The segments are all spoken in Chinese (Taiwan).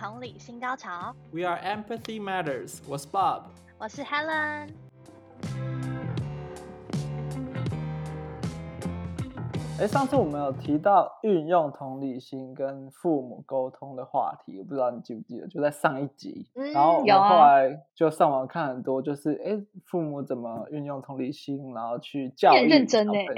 同理心高潮。We are Empathy Matters. 我是 Bob。我是 Helen。哎，上次我們有提到運用同理心跟父母溝通的話題，我不知道你記不記得？就在上一集，嗯、然後我後來就上網看很多，就是哎、啊，父母怎麼運用同理心，然後去教育小朋友，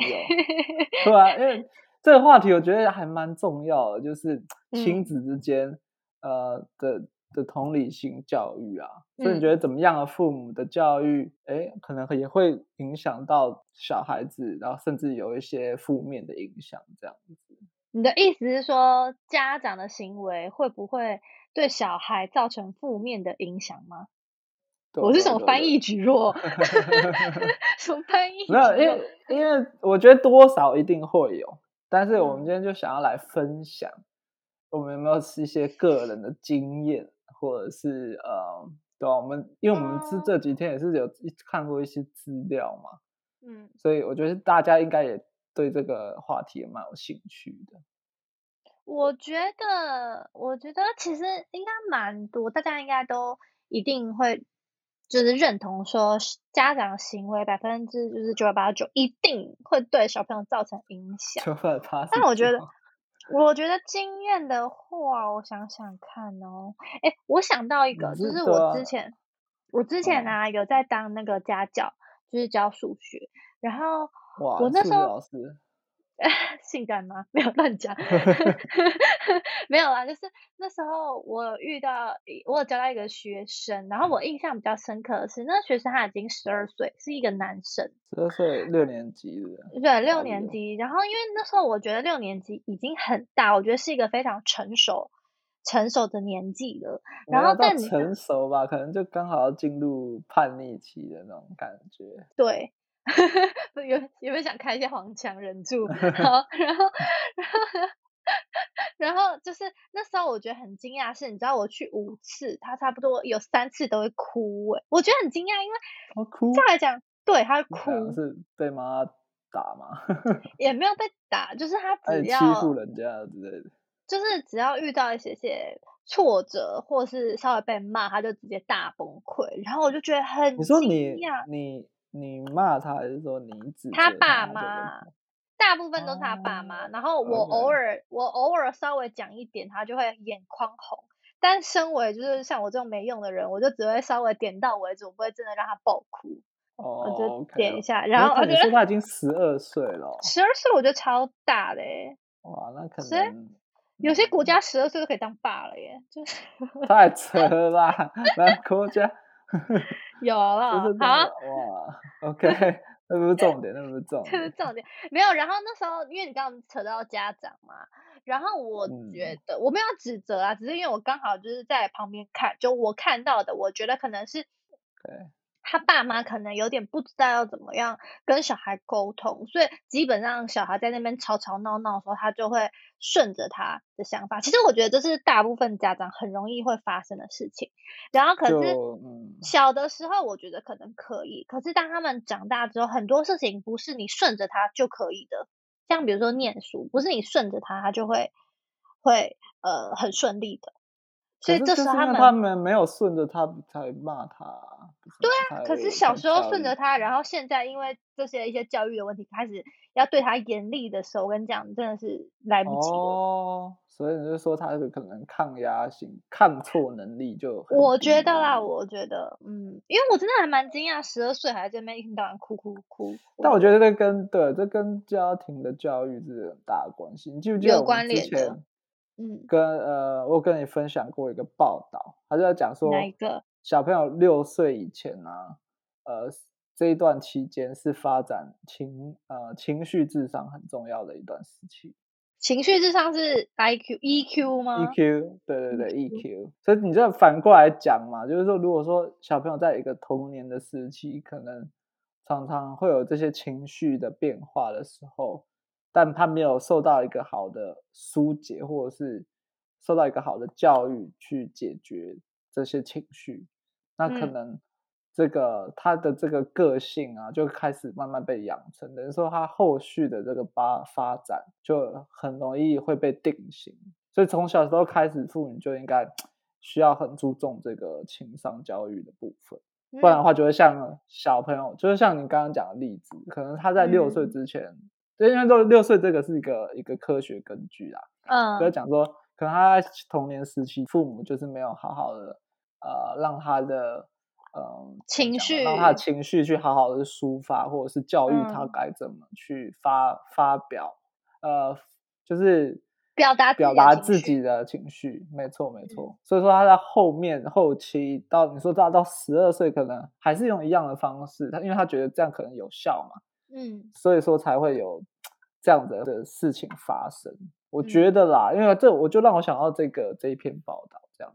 對吧、啊？因為這個話題我覺得還蠻重要的，就是親子之間、嗯。呃的的同理性教育啊、嗯，所以你覺得怎麼樣的父母的教育，哎、欸，可能也會影響到小孩子，然後甚至有一些負面的影響，這樣子。你的意思是說，家長的行為會不會對小孩造成負面的影響嗎？對對對，我是什麼翻譯居弱？ 什麼翻譯？沒有，因為因為我覺得多少一定會有，但是我們今天就想要來分享。嗯我們有沒有一些個人的經驗，或者是呃、嗯，對我們，因為我們是這幾天也是有看過一些資料嘛，嗯，所以我覺得大家應該也對這個話題也蠻有興趣的。我覺得，我覺得其實應該蠻多，大家應該都一定會就是認同說，家長行為百分之就是九百八十九一定會對小朋友造成影響。九八九，但我覺得。我覺得經驗的話，我想想看哦。誒，我想到一個，就是我之前，啊、我之前呢、啊、有在當那個家教，就是教數學，嗯、然後我那時候。 性感嗎？沒有亂講， 沒有啦。就是那時候我遇到，我有教到一個學生，然後我印象比較深刻的是，那個學生他已經十二歲，是一個男生。十二歲，六年級的。對，六年級。然後，因為那時候我覺得六年級已經很大，我覺得是一個非常成熟、成熟的年紀了。然後但你要到成熟吧，可能就剛好要進入叛逆期的那種感覺。對。哈 哈，有有沒有想開一些黃腔忍住然？然後，然後，然後就是那時候我覺得很驚訝，是你知道我去五次，他差不多有三次都會哭哎、欸，我覺得很驚訝，因為他哭再來講，對他哭是被媽打嗎？ 也沒有被打，就是他只要他欺負人家之類的，就是只要遇到一些些挫折或是稍微被罵，他就直接大崩潰。然後我就覺得很驚訝，你說你。你你罵他，還是說你指他，他爸媽？大部分都是他爸媽、哦。然後我偶爾，okay. 我偶爾稍微講一點，他就會眼眶紅。但身為就是像我這種沒用的人，我就只會稍微點到為止，我不會真的讓他爆哭。哦，我就點一下。Okay. 然後而且說他已經十二歲了、哦，十二歲我覺得超大嘞、欸。哇，那可能有些國家十二歲都可以當爸了耶、欸就是，太扯了啦，來 空國家。 有了好，就是、哇，OK， 那不是重點， 那不是重點，這 是重點。沒有，然後那時候因為你剛剛扯到家長嘛，然後我覺得、嗯、我沒有指責啊，只是因為我剛好就是在旁邊看，就我看到的，我覺得可能是。對、okay.。他爸媽可能有點不知道要怎麼樣跟小孩溝通，所以基本上小孩在那邊吵吵鬧鬧的時候，他就會順着他的想法。其實我覺得這是大部分家長很容易會發生的事情。然後可是小的時候，我覺得可能可以，嗯，可是當他們長大之後，很多事情不是你順着他就可以的。像比如說念書，不是你順着他，他就會會呃很順利的。所以這是，是他們沒有順着他才罵他、他。對啊，可是小時候順着他，然後現在因為這些一些教育的問題，開始要對他嚴厲的時候，我跟你講真的是來不及哦，所以你就說他是可能抗壓性，抗挫能力就很……我覺得啦，我覺得，嗯，因為我真的還蠻驚訝，十二歲還在那邊一天到晚哭哭、哭哭哭。但我覺得這跟對這跟家庭的教育是有很大的關係。你記不記得有關聯。嗯，跟呃，我跟你分享過一個報道，他就在講說，小朋友六歲以前呢、啊，呃，這一段期間是發展情呃情緒智商很重要的一段時期。情緒智商是 IQ、EQ 嗎？EQ 對對對 EQ。所以你這反過來講嘛，就是說，如果說小朋友在一個童年的時期，可能常常會有這些情緒的變化的時候。但他沒有受到一個好的疏解，或者是受到一個好的教育去解決這些情緒，那可能這個、嗯、他的這個個性啊，就開始慢慢被養成。等於說，他後續的這個發發展就很容易會被定型。所以，從小時候開始，父母就應該需要很注重這個情商教育的部分，不然的話，就會像小朋友，就是像你剛剛講的例子，可能他在六歲之前。嗯所以，因為六歲，這個是一個一個科學根據啦。嗯，就要講說，可能他在童年時期父母就是沒有好好的，呃，讓他的，嗯、呃，情緒，讓他的情緒去好好的抒發，或者是教育他該怎麼去發、嗯、發表，呃，就是表達表達自己的情緒。沒錯，沒錯、嗯。所以說他在後面後期到你說大到到十二歲，可能還是用一樣的方式，他因為他覺得這樣可能有效嘛。嗯，所以說才會有。這樣的的事情發生，我覺得啦、嗯，因為這我就讓我想到這個這一篇報道這樣。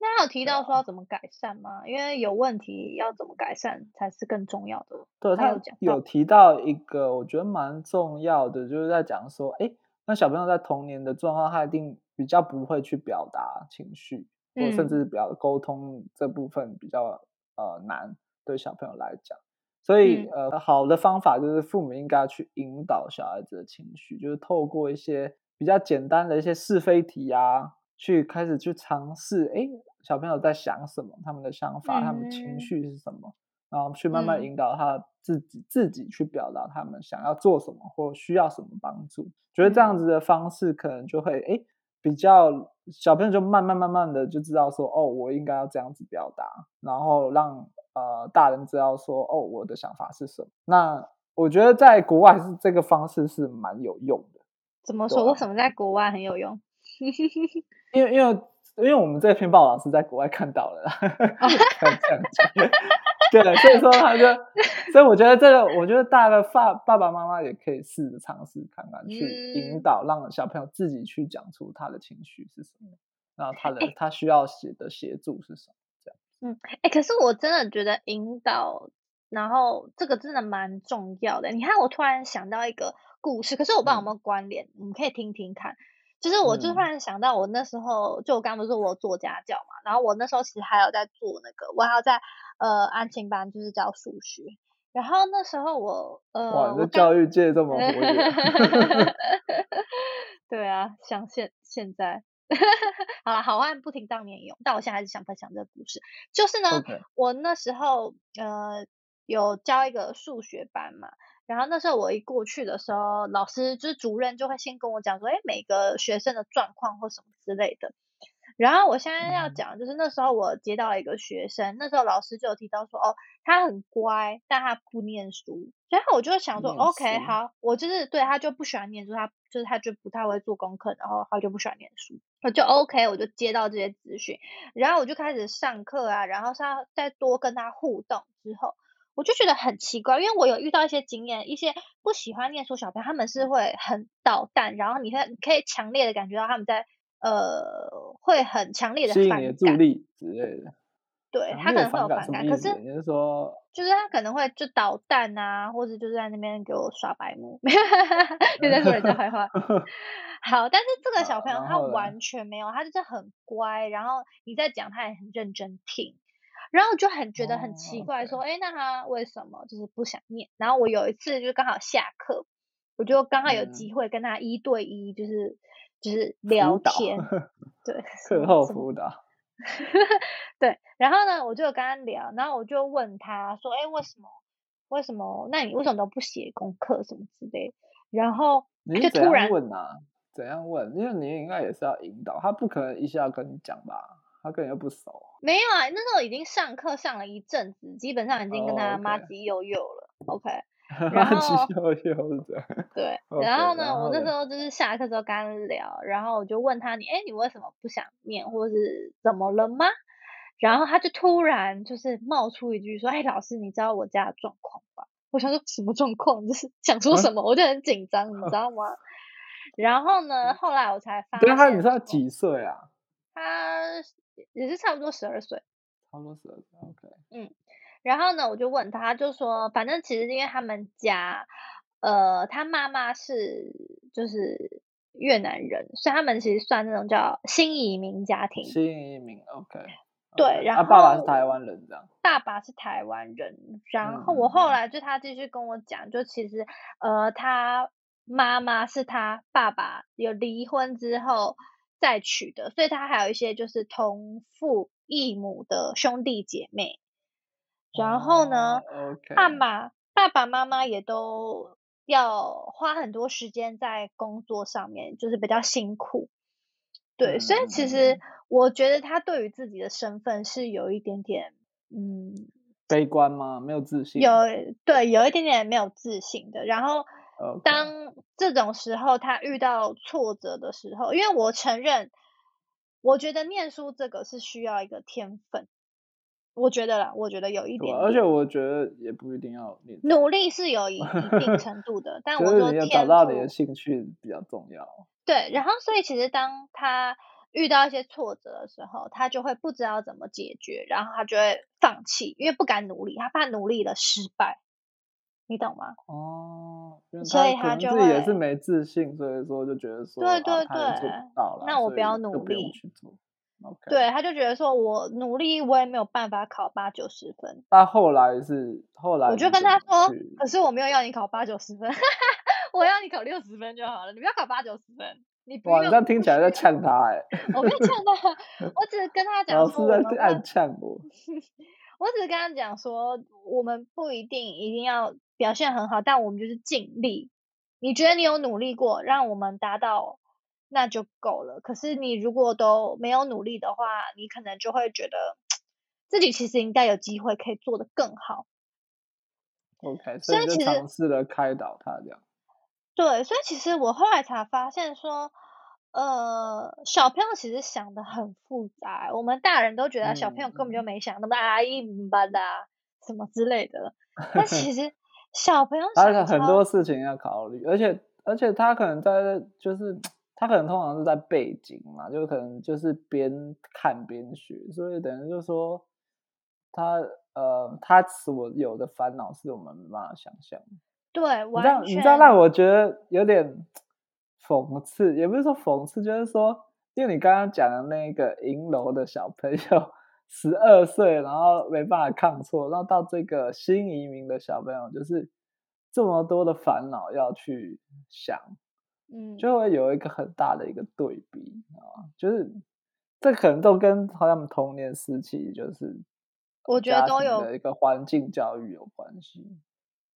那他有提到說要怎麼改善嗎？嗯、因為有問題要怎麼改善才是更重要的。對，他有講有提到一個我覺得蠻重要的，就是在講說，哎、嗯，那小朋友在童年的狀況，他一定比較不會去表達情緒，嗯、或甚至是比較溝通這部分比較呃難，對小朋友來講。所以、嗯，呃，好的方法就是父母應該去引導小孩子的情緒，就是透過一些比較簡單的一些是非題啊，去開始去嘗試，誒，小朋友在想什麼？他們的想法，嗯嗯，他們情緒是什麼？然後去慢慢引導他自己、嗯、自己去表達他們想要做什麼或需要什麼幫助。覺得這樣子的方式可能就會，誒，比較小朋友就慢慢慢慢的就知道說，哦，我應該要這樣子表達，然後讓。呃，大人知道說，哦，我的想法是什麼？那我覺得在國外是這個方式是蠻有用的。怎麼說？為什麼在國外很有用？ 因為因為因為我們這篇報道是在國外看到的，哈哈哈哈哈。對，所以說他就，所以我覺得這個，我覺得大家的爸 爸爸媽媽也可以試着嘗試看看，去引導、嗯、讓小朋友自己去講出他的情緒是什麼，然後他的、哎、他需要寫的協助是什麼。嗯，哎、欸，可是我真的覺得引導，然後這個真的蠻重要的。你看，我突然想到一個故事，可是我不知道有沒有關聯、嗯，你們可以聽聽看。就是我，就突然想到，我那時候就我剛不是我做家教嘛，然後我那時候其實還有在做那個，我還有在呃安親班，就是教數學。然後那時候我，呃，哇，你的教育界這麼活躍。 對啊，像現現在。 好了，好漢不提當年勇。但我現在還是想分享這個故事，就是呢，okay. 我那時候呃有教一個數學班嘛，然後那時候我一過去的時候，老師就是主任就會先跟我講說，哎、欸，每個學生的狀況或什麼之類的。然後我現在要講就是那時候我接到了一個學生、嗯，那時候老師就有提到說，哦，他很乖，但他不念書，然後我就想說，OK，好，我就是對他就不喜歡念書，他。就是他就不太會做功課，然後他就不喜歡念書，我就 OK，我就接到這些資訊，然後我就開始上課啊，然後再再多跟他互動之後，我就覺得很奇怪，因為我有遇到一些經驗，一些不喜歡念書小朋友他們是會很搗蛋，然後你可以你可以強烈的感覺到他們在呃會很強烈的反感的力之類的，對，他可能會有反感，可是你是說。就是他可能會就搗蛋啊，或者就是在那邊給我耍白目，又 在說人家壞話。 好，但是這個小朋友他完全沒有，他就是很乖，然後，然後你在講他也很認真聽，然後就很覺得很奇怪，oh, okay. 說哎、欸，那他為什麼就是不想念？然後我有一次就剛好下課，我就剛好有機會跟他一對一，就是、嗯、就是聊天，對，課後輔導。 對，然後呢，我就跟他聊，然後我就問他說：“哎、欸，為什麼？為什麼？那你為什麼都不寫功課什麼之類？”然後就突然你問啊，怎樣問？因為你應該也是要引導他，不可能一下子跟你講吧？他跟你又不熟。沒有啊，那時候已經上課上了一陣子，基本上已經跟他媽雞又友了。Oh, OK. Okay. 然後，對 okay, 然後，然後呢？我那時候就是下課之後剛，剛聊，然後我就問他你：“你哎，你為什麼不想念，或者是怎麼了嗎？”然後他就突然就是冒出一句說：“哎，老師，你知道我家的狀況吧？”我想說什麼狀況，就是想說什麼， 我就很緊張，你知道嗎？然後呢，後來我才發現說，他你知道幾歲啊？他也是差不多十二歲，差不多十二歲。Okay. 嗯。然後呢，我就問他，他就說，反正其實因為他們家，呃，他媽媽是就是越南人，所以他們其實算那種叫新移民家庭。新移民，OK, okay。對，然後，啊，爸爸是台灣人這樣。爸爸是台灣人，然後我後來就他繼續跟我講，就其實呃，他媽媽是他爸爸有離婚之後再娶的，所以他還有一些就是同父異母的兄弟姐妹。然後呢，uh, okay. 爸爸爸爸媽媽也都要花很多時間在工作上面，就是比較辛苦。對，uh-huh. 所以其實我覺得他對於自己的身份是有一點點，嗯，悲觀嗎？沒有自信？有，對，有一點點沒有自信的。然後當這種時候他遇到挫折的時候，因為我承認，我覺得念書這個是需要一個天分。我覺得了，我覺得有一點，點，而且我覺得也不一定要努力，努力是有一定程度的， 但我覺得 找到你的興趣比較重要。對，然後所以其實當他遇到一些挫折的時候，他就會不知道怎麼解決，然後他就會放棄，因為不敢努力，他怕努力了失敗，你懂嗎？哦，所以他自己也是沒自信所，所以說就覺得說，對對對，啊、做不到了，那我不要努力 Okay. 對，他就覺得說，我努力，我也沒有辦法考八九十分。但、啊、後來是後來是，我就跟他說，可是我沒有要你考八九十分， 我要你考六十分就好了，你不要考八九十分，你不要。哇，你這樣聽起來在嗆他哎、欸， 我沒有嗆到，我只是跟他講。 老師在暗嗆我， 我只是跟他講說，我們不一定一定要表現很好，但我們就是盡力。你覺得你有努力過，讓我們達到，那就夠了。可是你如果都沒有努力的話，你可能就會覺得自己其實應該有機會可以做得更好。Okay，所以就嘗試了開導他這樣。對，所以其實我後來才發現說，呃，小朋友其實想得很複雜。我們大人都覺得小朋友根本就沒想那麼大，一木巴的什麼之類的。但其實小朋友想 他很多事情要考慮，而且而且他可能在就是。他可能通常是在背景嘛，就可能就是邊看邊學，所以等於就是說，他呃，他所有的煩惱是我們沒辦法想象。對，你這樣你這樣讓我覺得有點諷刺，也不是說諷刺，就是說，因為你剛剛講的那個銀樓的小朋友十二歲，然後沒辦法抗挫，然後到這個新移民的小朋友，就是這麼多的煩惱要去想。嗯，就會有一個很大的一個對比、嗯、啊，就是這可能都跟好像童年時期，就是我覺得都有一個環境教育有關係。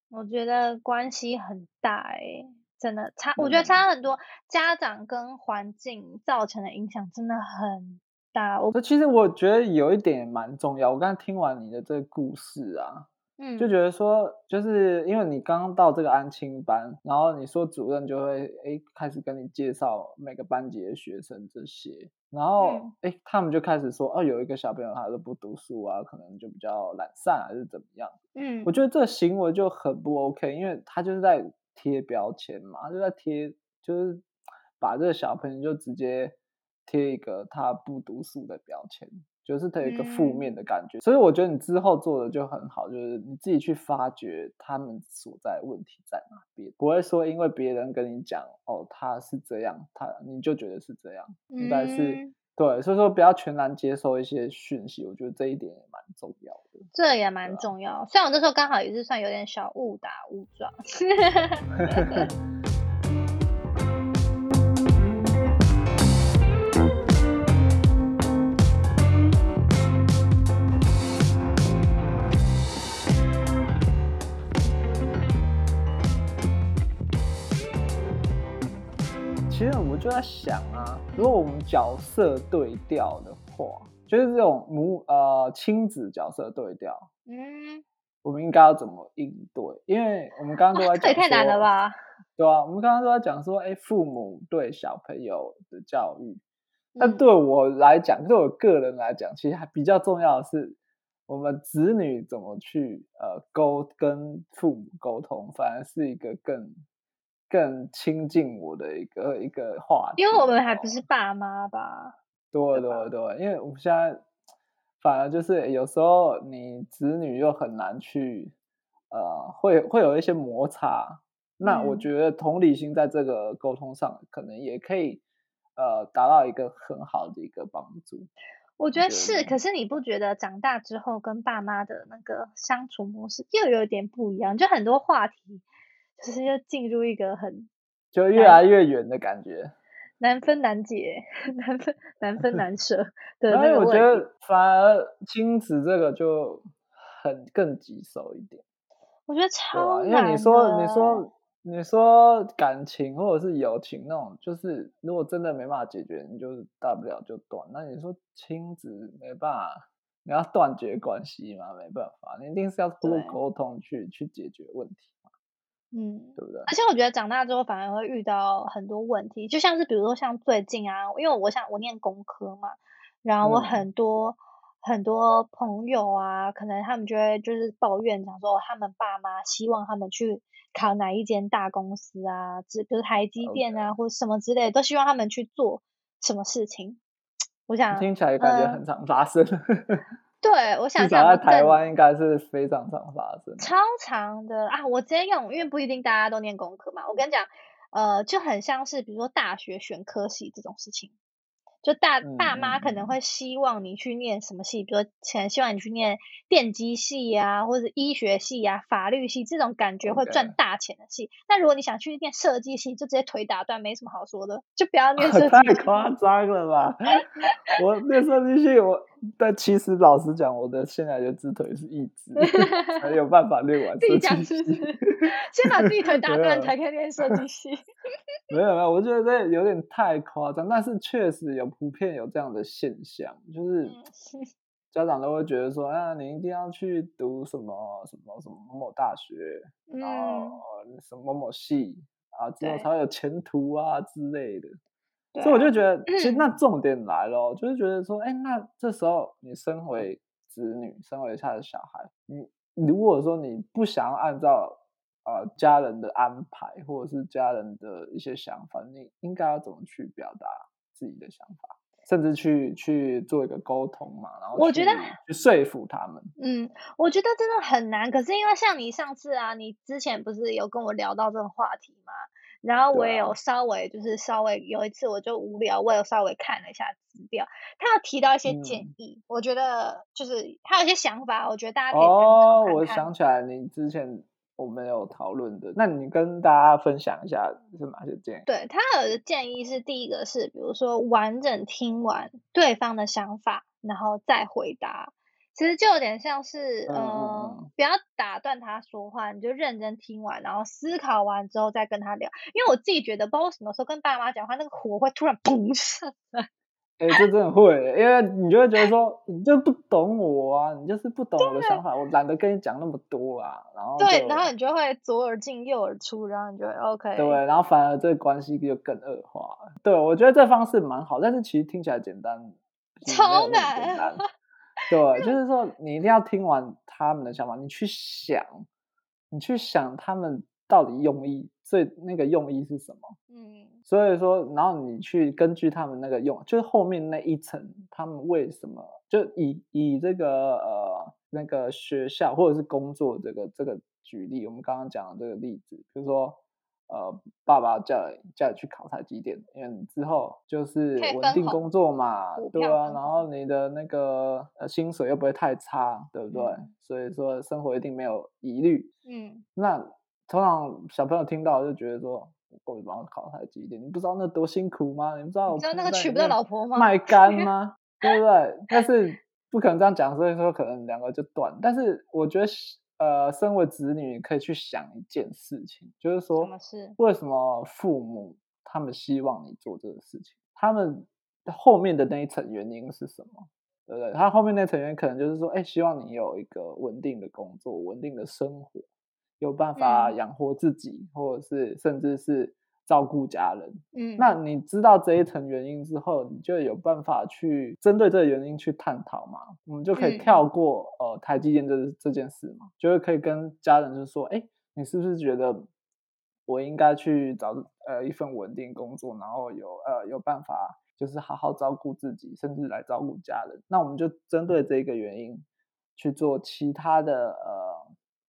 我覺得，我覺得關係很大誒、欸，真的差、嗯，我覺得差很多。家長跟環境造成的影響真的很大。我其實我覺得有一點也蠻重要，我剛才聽完你的這個故事啊。嗯，就覺得說，就是因為你剛剛到這個安親班，然後你說主任就會哎開始跟你介紹每個班級的學生這些，然後哎、嗯、他們就開始說哦有一個小朋友他是不讀書啊，可能就比較懶散還是怎麼樣。嗯，我覺得這個行為就很不 OK，因為他就是在貼標籤嘛，就在貼就是把這個小朋友就直接貼一個他不讀書的標籤。就是有一個負面的感覺、嗯，所以我覺得你之後做的就很好，就是你自己去發覺他們所在的問題在哪邊，不會說因為別人跟你講哦，他是這樣，他你就覺得是這樣，嗯、但是對，所以說不要全然接受一些訊息，我覺得這一點也蠻重要的。這也蠻重要，雖然我那時候剛好也是算有點小誤打誤撞。誤我就在想啊，如果我們角色對調的話，就是這種母呃親子角色對調，嗯，我們應該要怎麼應對？因為我們剛剛都在講，這也太難了吧？對啊，我們剛剛都在講說，哎、欸，父母對小朋友的教育、嗯，但對我來講，對我個人來講，其實還比較重要的是，我們子女怎麼去呃溝跟父母溝通，反而是一個更。更親近我的一個一個話題，因為我們還不是爸媽吧？對對對，對，因為我們現在反而就是有時候你子女又很難去呃，會會有一些摩擦，嗯。那我覺得同理心在這個溝通上可能也可以呃，達到一個很好的一個幫助。我覺得是，嗯，可是你不覺得長大之後跟爸媽的那個相處模式又有點不一樣，就很多話題。就是要進入一個很難分難解，就越來越遠的感覺，難分難解、難分難分難捨 對，因為我覺得反而親子這個就很更棘手一點。我覺得超難，啊、因為你說你說你說，你說感情或者是友情那種，就是如果真的沒辦法解決，你就是大不了就斷。那你說親子沒辦法，你要斷絕關係嘛？沒辦法，你一定是要多溝通去去解決問題。嗯，對不對？而且我覺得長大之後反而會遇到很多問題，就像是比如說像最近啊，因為我想我念工科嘛，然後我很多、嗯、很多朋友啊，可能他們就會就是抱怨，講說他們爸媽希望他們去考哪一間大公司啊，比如台積電啊，okay. 或者什麼之類的，都希望他們去做什麼事情。我想聽起來感覺很常發生。嗯 對，我想想，在台灣應該是非常常發生，超常的啊！我直接用，因為不一定大家都念功課嘛。我跟你講，呃，就很像是比如說大學選科系這種事情。就大大媽可能會希望你去念什麼系，嗯，比如前，希望你去念電機系啊，或者醫學系啊，法律系這種感覺會賺大錢的系。Okay. 那如果你想去念設計系，就直接腿打斷，沒什麼好說的，就不要念設計系。太誇張了吧！ 我念設計系，我但其實老實講，我的現在的只腿是一隻， 才有辦法練完設計系。弟弟講是不是 先把自己腿打斷才可以練設計系。沒有 沒有，我覺得這有點太誇張，但是確實有。普遍有這樣的現象，就是家長都會覺得說：“啊，你一定要去讀什麼什麼什麼什麼某某大學啊，什麼某某系啊，之後才會有前途啊之類的。”所以我就覺得，其實那重點來了，就是覺得說：“哎、欸，那這時候你身為子女，身為他的小孩，你如果說你不想要按照，呃，家人的安排或者是家人的一些想法，你應該要怎麼去表達？”自己的想法，甚至去去做一個溝通嘛，然後去我覺得去說服他們，嗯，我覺得真的很難。可是因為像你上次啊，你之前不是有跟我聊到這個話題嘛，然後我也有稍微就是稍微有一次我就無聊，我也有稍微看了一下資料，他有提到一些建議，嗯，我覺得就是他有一些想法，我覺得大家可以談談看看哦，我想起來，你之前。我們有討論的，那你跟大家分享一下是哪些建議？對，他有的建議是，第一個是，比如說完整聽完對方的想法，然後再回答。其實就有點像是，嗯、呃，不要打斷他說話，你就認真聽完，然後思考完之後再跟他聊。因為我自己覺得，不知道什麼時候跟爸媽講話，那個火會突然砰上。 哎、欸，就真的會，因為你就會覺得說，你就不懂我啊，你就是不懂我的想法，我懶得跟你講那麼多啊。然後對然後，然後你就會左耳進右耳出，然後你就會 OK。對，然後反而這個關係就更惡化。對，我覺得這方式蠻好，但是其實聽起來簡單，簡單超難啊。對，就是說你一定要聽完他們的想法，你去想，你去想他們，到底用意，所以那個用意是什麼？嗯，所以說，然後你去根據他們那個用，就是後面那一層，他們為什麼就以以這個呃那個學校或者是工作這個這個舉例，我們剛剛講的這個例子，就是說，呃，爸爸叫你叫你去考台積電，因為你之後就是穩定工作嘛。對啊，然後你的那個呃薪水又不會太差，對不對？嗯，所以說生活一定沒有疑慮。嗯，那。通常小朋友聽到就覺得說，我夠你把我考太極一點，你不知道那多辛苦嗎？你不知道我幹？你知道那個娶不到老婆嗎？賣肝嗎？對不對？但是不可能這樣講，所以說可能兩個就斷。但是我覺得，呃，身為子女可以去想一件事情，就是說，什麼是為什麼父母他們希望你做這個事情？他們後面的那一層原因是什麼？對不對？他後面那層原因可能就是說，哎，希望你有一個穩定的工作，穩定的生活。有辦法養活自己，嗯，或者是甚至是照顧家人。嗯，那你知道這一層原因之後，你就有辦法去針對這個原因去探討嘛。我們就可以跳過、嗯、呃台積電這，這件事嘛，就是可以跟家人就說，哎、欸，你是不是覺得我應該去找呃一份穩定工作，然後有呃有辦法就是好好照顧自己，甚至來照顧家人？那我們就針對這個原因去做其他的呃。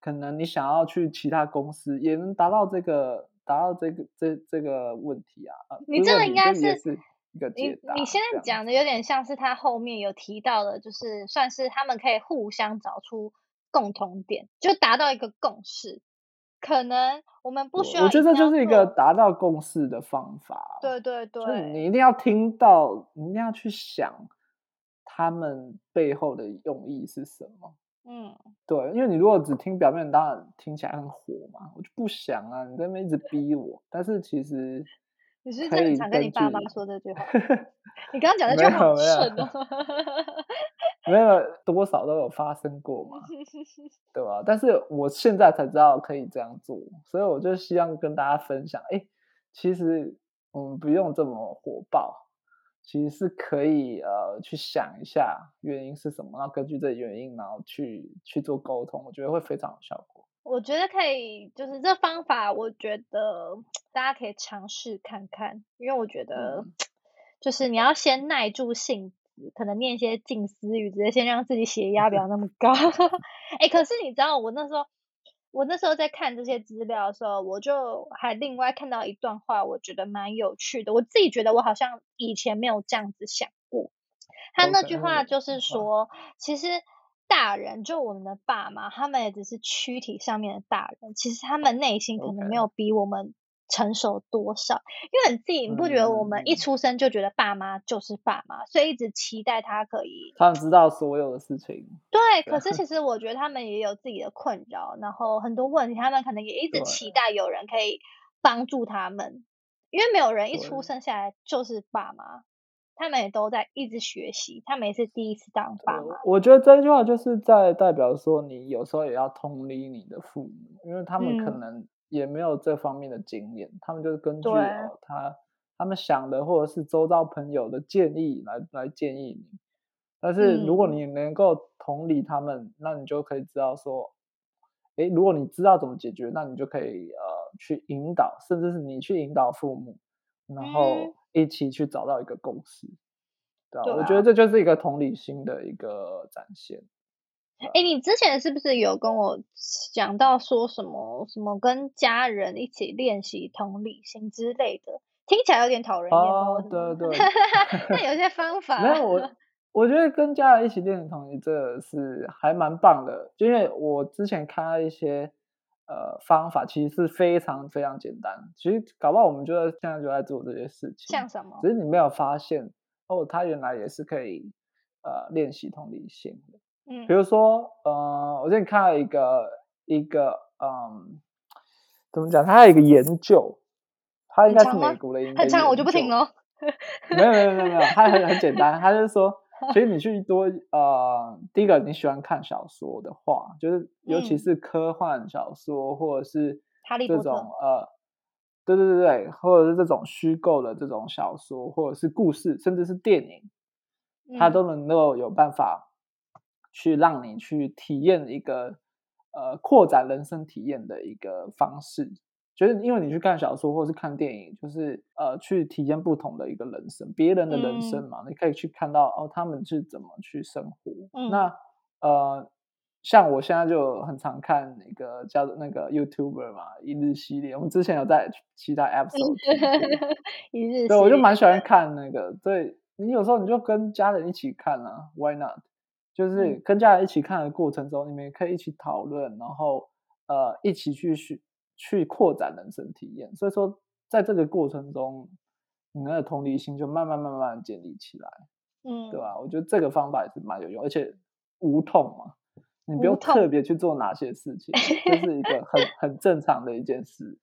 可能你想要去其他公司，也能達到這個達到這個這這個問題啊？你這個應該是一個你你現在講的有點像是他後面有提到的，就是算是他們可以互相找出共同點，就達到一個共識。可能我們不需要,要我，我覺得這就是一個達到共識的方法。對對對，就是你一定要聽到，你一定要去想他們背後的用意是什麼。嗯，對，因為你如果只聽表面，當然聽起來很火嘛，我就不想啊，你在那邊一直逼我，但是其實你是正常跟你爸媽說的對， 你剛剛講的這句很蠢哦，沒有，沒有， 沒有多少都有發生過嘛， 對吧？但是我現在才知道可以這樣做，所以我就希望跟大家分享，哎，其實我們不用這麼火爆。其實是可以呃去想一下原因是什麼，然後根據這原因，然後去去做溝通，我覺得會非常有效果。我覺得可以，就是這方法，我覺得大家可以嘗試看看，因為我覺得就是你要先耐住性子，可能念一些靜思語，直接先讓自己血壓不要那麼高。哎、 欸，可是你知道我那時候。我那時候在看這些資料的時候，我就還另外看到一段話，我覺得蠻有趣的。我自己覺得我好像以前沒有這樣子想過。他那句話就是說，其實大人，就我們的爸媽，他們也只是軀體上面的大人，其實他們內心可能沒有比我們。成熟多少？因為很自己，你不覺得我們一出生就覺得爸媽就是爸媽，嗯，所以一直期待他可以。他們知道所有的事情。對，對，可是其實我覺得他們也有自己的困擾，然後很多問題，他們可能也一直期待有人可以幫助他們。因為沒有人一出生下來就是爸媽，他們也都在一直學習。他們也是第一次當爸媽，我覺得這句話就是在代表說，你有時候也要同理你的父母，因為他們可能、嗯。也沒有這方面的經驗，他們就是根據、呃、他他們想的，或者是周遭朋友的建議來來、來建議你。但是如果你能夠同理他們、嗯，那你就可以知道說，誒，如果你知道怎麼解決，那你就可以呃去引導，甚至是你去引導父母，然後一起去找到一個共識。對啊、對啊，我覺得這就是一個同理心的一個展現。哎，你之前是不是有跟我講到說什麼什麼跟家人一起練習同理心之類的？聽起來有點討人厭哦。對對對，那 有些方法 沒有我，我覺得跟家人一起練習同理，這是還蠻棒的。嗯。就因為我之前看到一些呃方法，其實是非常非常簡單。其實搞不好我們就在現在就在做這些事情，像什麼？只是你沒有發現哦，他原來也是可以呃練習同理心的。嗯，比如說，呃，我這裡看了一個一個，嗯，怎麼講？他有一個研究，他應該是美國的英語很，很強，我就不聽了。沒有沒有沒有沒有，他很很簡單，他就是說，所以你去多，呃，第一個你喜歡看小說的話，就是尤其是科幻小說，嗯、或者是這種，呃，對對對對，或者是這種虛構的這種小說，或者是故事，甚至是電影，他都能夠有辦法。去讓你去體驗一個呃擴展人生體驗的一個方式，就是因為你去看小說或是看電影，就是呃去體驗不同的一個人生，別人的人生嘛，嗯、你可以去看到哦他們是怎麼去生活。嗯、那呃，像我現在就很常看一個叫做那個 YouTuber 嘛，一日系列。我們之前有在其他 App 上 一日，對，我就蠻喜歡看那個。對，你有時候你就跟家人一起看啊，Why not？就是跟家人一起看的過程中，你們也可以一起討論，然後呃，一起去去擴展人生體驗。所以說，在這個過程中，你們的同理心就慢慢、慢慢建立起來，嗯，對吧、啊？我覺得這個方法也是蠻有用，而且無痛嘛，你不用特別去做哪些事情，這、就是一個很很正常的一件事，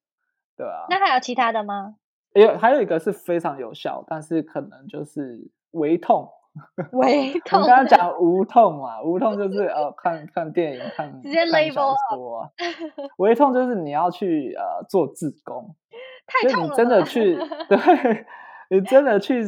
對吧、啊？ 那還有其他的嗎？有，還有一個是非常有效，但是可能就是微痛。微痛，你 剛剛講無痛嘛，無痛就是呃、哦，看看電影、看直接看小說、啊。微痛就是你要去呃做志工，太痛了。你真的去，對你真的去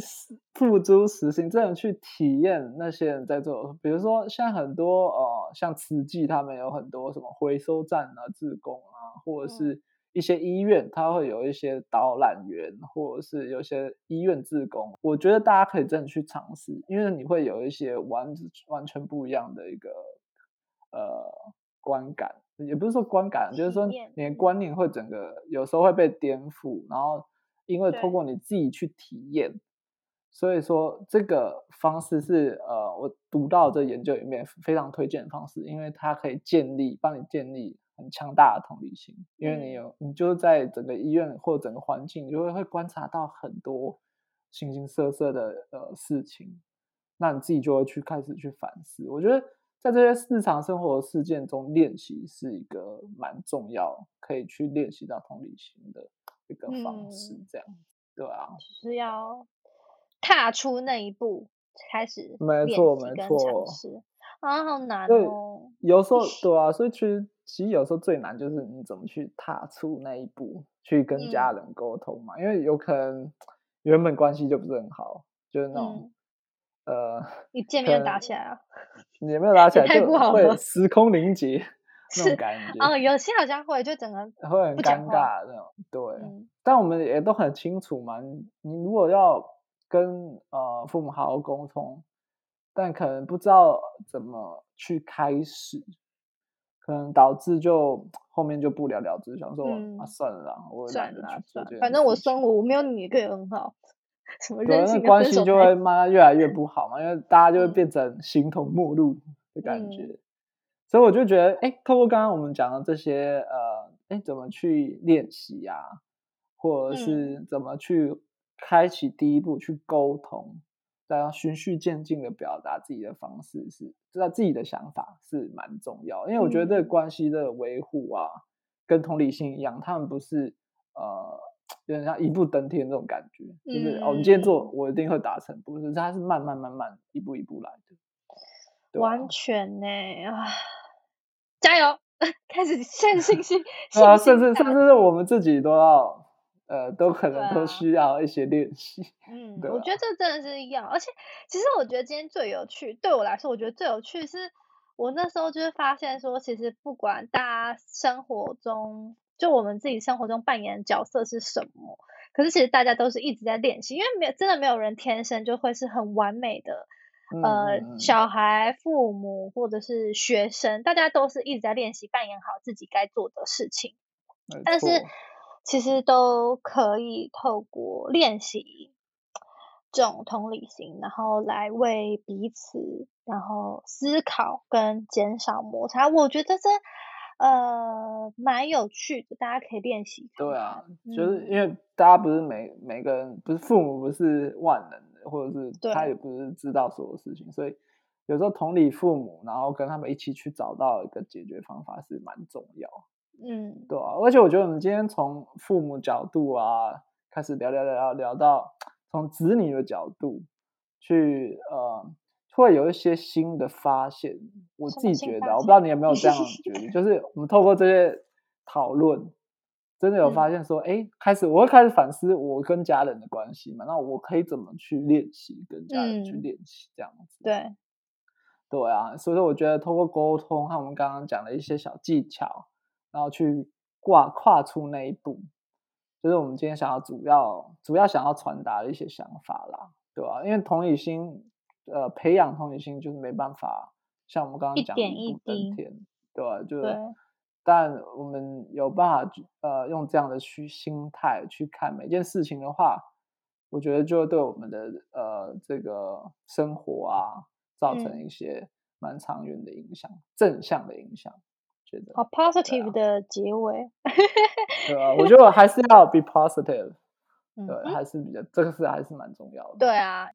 付諸實行，真的去體驗那些人在做，比如說像很多呃，像慈濟他們有很多什麼回收站啊、志工啊，或者是，嗯一些醫院它會有一些導覽員，或者是有些醫院志工，我覺得大家可以真的去嘗試，因為你會有一些完完全不一樣的一個呃觀感，也不是說觀感，就是說你的觀念會整個有時候會被顛覆，然後因為透過你自己去體驗，所以說這個方式是呃我讀到這研究裡面非常推薦的方式，因為它可以建立幫你建立。很強大的同理心，因為你有，你就在整個醫院或整個環境，你就會會觀察到很多形形色色的呃事情，那你自己就會去開始去反思。我覺得在這些日常生活事件中練習是一個蠻重要，可以去練習到同理心的一個方式，這樣、嗯、對啊，就是要踏出那一步，開始，沒錯，沒錯。好像，好難哦！有時候，對啊，所以其實，其實有時候最難就是你怎麼去踏出那一步，去跟家人溝通嘛、嗯。因為有可能原本關係就不是很好，就是那種、嗯、呃，一見面就打起來啊。有沒有打起來？太不好了，時空凝結 那種感覺。哦，有些好像會就整個會很尷尬那種。對、嗯，但我們也都很清楚嘛。你如果要跟呃父母好好溝通。但可能不知道怎麼去開始，可能導致就後面就不了了之，嗯、想說啊，算了我懶得去，去，算了去，反正我生活我沒有你也可以很好，可能關係就會慢慢越來越不好嘛、嗯，因為大家就會變成形同陌路的感覺。嗯、所以我就覺得，哎，透過剛剛我們講的這些，呃，哎，怎麼去練習啊，或者是怎麼去開啟第一步去溝通。嗯大家循序漸進的表達自己的方式是，知道自己的想法是蠻重要，因為我覺得這個關係的維護啊、嗯，跟同理心一樣，他們不是呃有點像一步登天這種感覺，就是我、嗯哦、你今天做，我一定會達成，不是，他是慢慢慢慢一步一步來的。啊、完全呢、欸、啊，加油， 開始，現信心是 啊，甚至甚至是我們自己都要。呃，都可能都需要一些練習、對啊。嗯對，我覺得這真的是一樣。而且其實我覺得今天最有趣，對我來說，我覺得最有趣是，我那時候就是發現說，其實不管大家生活中，就我們自己生活中扮演的角色是什麼，可是其實大家都是一直在練習，因為沒有真的沒有人天生就會是很完美的。嗯、呃，小孩、父母或者是學生，大家都是一直在練習扮演好自己該做的事情，但是。其實都可以透過練習這種同理心，然後來為彼此，然後思考跟減少摩擦。我覺得這呃蠻有趣的，大家可以練習看看。對啊，就是因為大家不是每、嗯、每個人，不是父母不是萬能的，或者是他也不是知道所有事情，所以有時候同理父母，然後跟他們一起去找到一個解決方法是蠻重要的。嗯，對啊，而且我覺得我們今天從父母角度啊開始聊聊聊聊聊到從子女的角度去呃，會有一些新的發現。我自己覺得，我不知道你有沒有這樣覺得， 就是我們透過這些討論，真的有發現說，哎、嗯，開始我會開始反思我跟家人的關係嘛，那我可以怎麼去練習跟家人去練習這樣子。嗯、對，對啊，所以說我覺得通過溝通和我們剛剛講的一些小技巧。然後去跨、跨出那一步，就是我們今天想要主要主要想要傳達的一些想法啦，對吧？因為同理心，呃，培養同理心就是沒辦法像我們剛剛講的一步登天，一點一點。對吧？就，對。但我們有辦法，呃，用這樣的心態去看每件事情的話，我覺得就會對我們的呃這個生活啊，造成一些蠻長遠的影響，嗯。正向的影響。好，positive、對啊、的結尾，對啊， 我覺得我還是要 be positive， 對，還是比較這個事還是蠻重要的，對啊，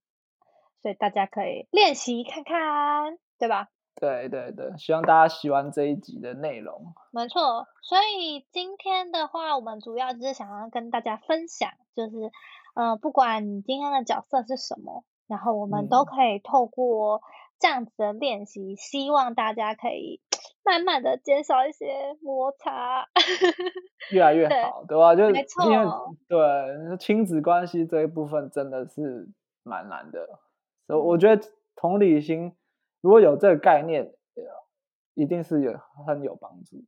所以大家可以練習看看，對吧？對對對，希望大家喜歡這一集的內容，沒錯。所以今天的話，我們主要就是想要跟大家分享，就是呃，不管你今天的角色是什麼，然後我們都可以透過這樣子的練習，嗯、希望大家可以。慢慢的減少一些摩擦， 越來越好對，對吧？就因為、哦、對親子關係這一部分，真的是蠻難的。所以、so, 我覺得同理心如果有這個概念，一定是有很有幫助。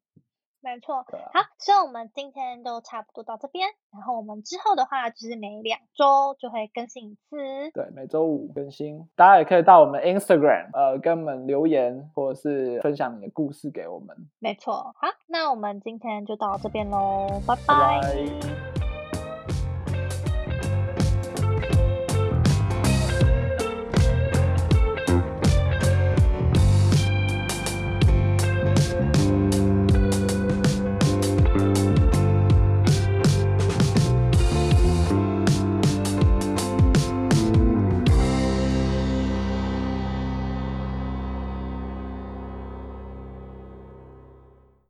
沒錯，好，所以我們今天都差不多到這邊，然後我們之後的話就是每兩週就會更新一次，對，每週五更新，大家也可以到我們 Instagram，呃，跟我們留言或者是分享你的故事給我們。沒錯，好，那我們今天就到這邊嘍，拜拜。拜拜。